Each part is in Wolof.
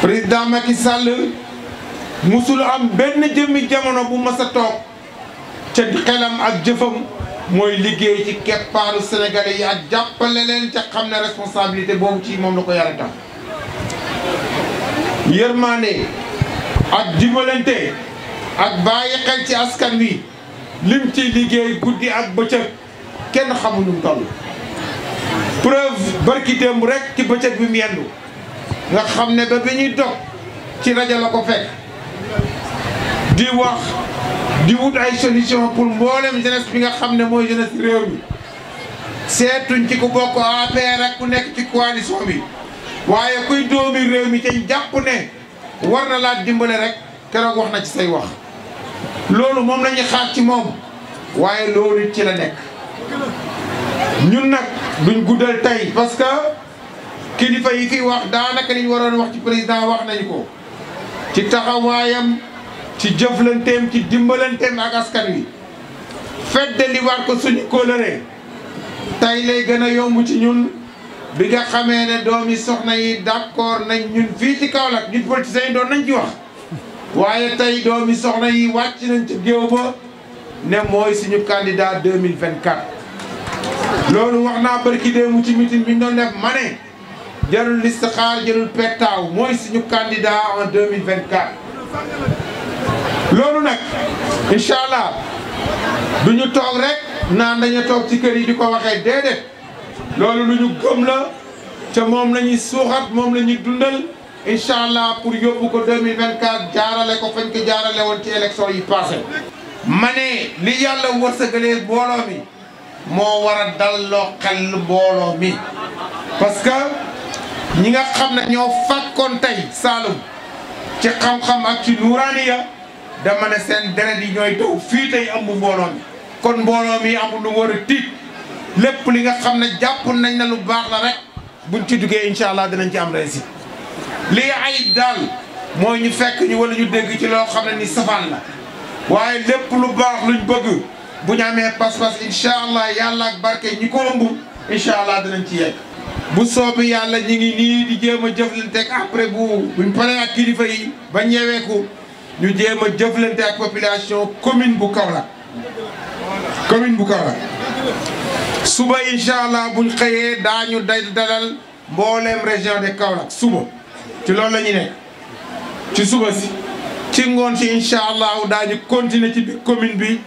président Macky Sall musul am benn jëmmi jamono bu mas a toog ca xelam ak jëfam mooy liggéey ci keppaaru sénégalais yi ak jàppale leen ca xam ne responsabilité boobu ci moom la ko yàlla tax yërmaande ak dimbalante ak bàyyi xel ci askan wi lim ci liggéey guddi ak bëccëg kenn xamuñu toll preuve barki démb rek ci bëccëg bi mu yendu nga xam ne ba bi ñuy dog ci rajo la ko fekk di wax di wut ay solution pour mboolem jeunesse bi nga xam ne mooy jeunesse réew mi seetuñ ci ku bokk APR ak ku nekk ci coalition bi waaye kuy doomi réew mi te jàpp ne war na laa dimbale rek keroog wax na ci say wax loolu moom la ñuy xaar ci moom waaye loolu ci la nekk ñun nag duñ guddal tey parce kilifa yi fi wax daanaka li waroon wax ci président wax nañu ko ci taxawaayam ci jëflanteem ci dimbalanteem ak askan wi fedd li ko suñu kóllëre tey lay gën a yomb ci ñun bi nga xamee ne doomi soxna yi d'accord nañ ñun fii ci Kaolack ñun politiciens yi doon nañ ci wax waaye tey doomi soxna yi wàcc nañ ci géew ba ne mooy suñu candidat 2024 loolu wax naa bërki déemu ci mitin bi ñu doon def ma ne jarul listixaar jarul pettaaw mooy suñu candidat en 2024 loolu nag incha allah du ñu toog rek naan dañu toog ci kër yi di ko waxee déedéet loolu lu ñu gëm la te moom la ñuy suuxat moom la ñuy dundal incha allah pour yóbbu ko 2024 jaarale ko fañ ko jaarale woon ci élection yi passé ma li yàlla wërsëgalee mbooloo mi moo war a dalloo xel mbooloo mi parce ñi nga xam ne ñoo fàkkoon tey Saalum ci xam-xam ak ci nuuraaniya dama ne seen deret yi ñooy taw fii tey ambu mbooloo mi kon mbooloo mi amul lu war a tiit lépp li nga xam ne jàpp nañ na lu baax la rek buñ ci duggee incha allah dinañ ci am réussite lii ay daal mooy ñu fekk ñu wala ñu dégg ci loo xam ne ni safaan la waaye lépp lu baax luñ bëgg bu ñu amee pas-pas incha allah yàlla ak barke ñi ko ëmb incha allah dinañ ci yegg. bu soobee yàlla ñu ngi ni di jéem a jëflante après bu buñ paree ak kilifa yi ba ñeweeku ñu jéem a ak population commune bu Kaolack commune bu Kaolack suba inshallah allah buñ xëyee daañu day dalal mbolém région de Kaolack suba ci loolu la ñu nekk ci suba si ci ngoon ci inshallah allah daañu continuer ci commune bi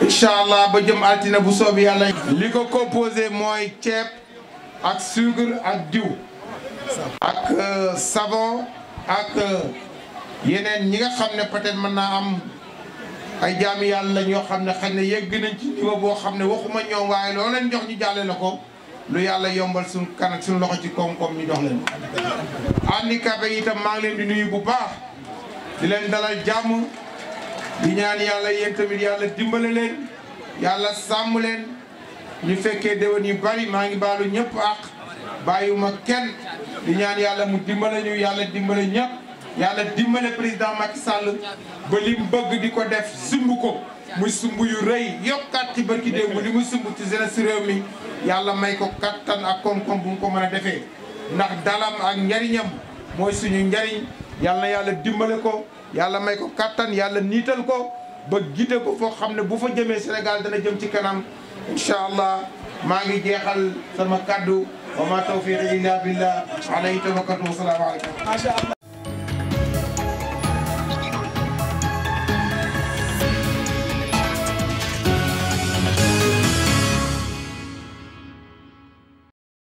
inshallah ba jëm altine bu soobee yalla liko composé moy ceeb. ak sucre ak diw ak euh, sabo ak euh, yeneen ñi nga xam ne peut-être mën naa am ay jaami yàlla ñoo xam ne xam ne yegg nañ ci niveau boo xam ne waxuma ñoom waaye loo leen jox ñu jàlle la ko lu yàlla yombal suñu kanam suñu loxo ci koom-koom ñu dox leen handicapé yi itam maa ngi leen di nuyu bu baax di leen dalal jàmm di ñaan yàlla yéen tamit yàlla dimbale leen yàlla sàmm leen ñu fekkee déwén yu bari maa ngi baalu ñëpp àq bàyyiwuma kenn di ñaan yàlla mu dimbale ñu yàlla dimbale ñëpp yàlla dimbale président Macky Sall ba li mu bëgg di ko def sumb ko muy sumb yu rëy yokkaat ci barki démb li muy sumb ci jeunesse réew mi yàlla may ko kattan ak koom bu mu ko mën a defee ndax dalam ak njariñam mooy suñu njariñ yàlla na yàlla dimbale ko yàlla may ko kattan yàlla niital ko ba gide ko foo xam ne bu fa jëmee Sénégal dana jëm ci kanam incha allah maa ngi jeexal sama kaddu wa ma tawfiqi illa billah alayhi tawakkaltu wa salaamu alaykum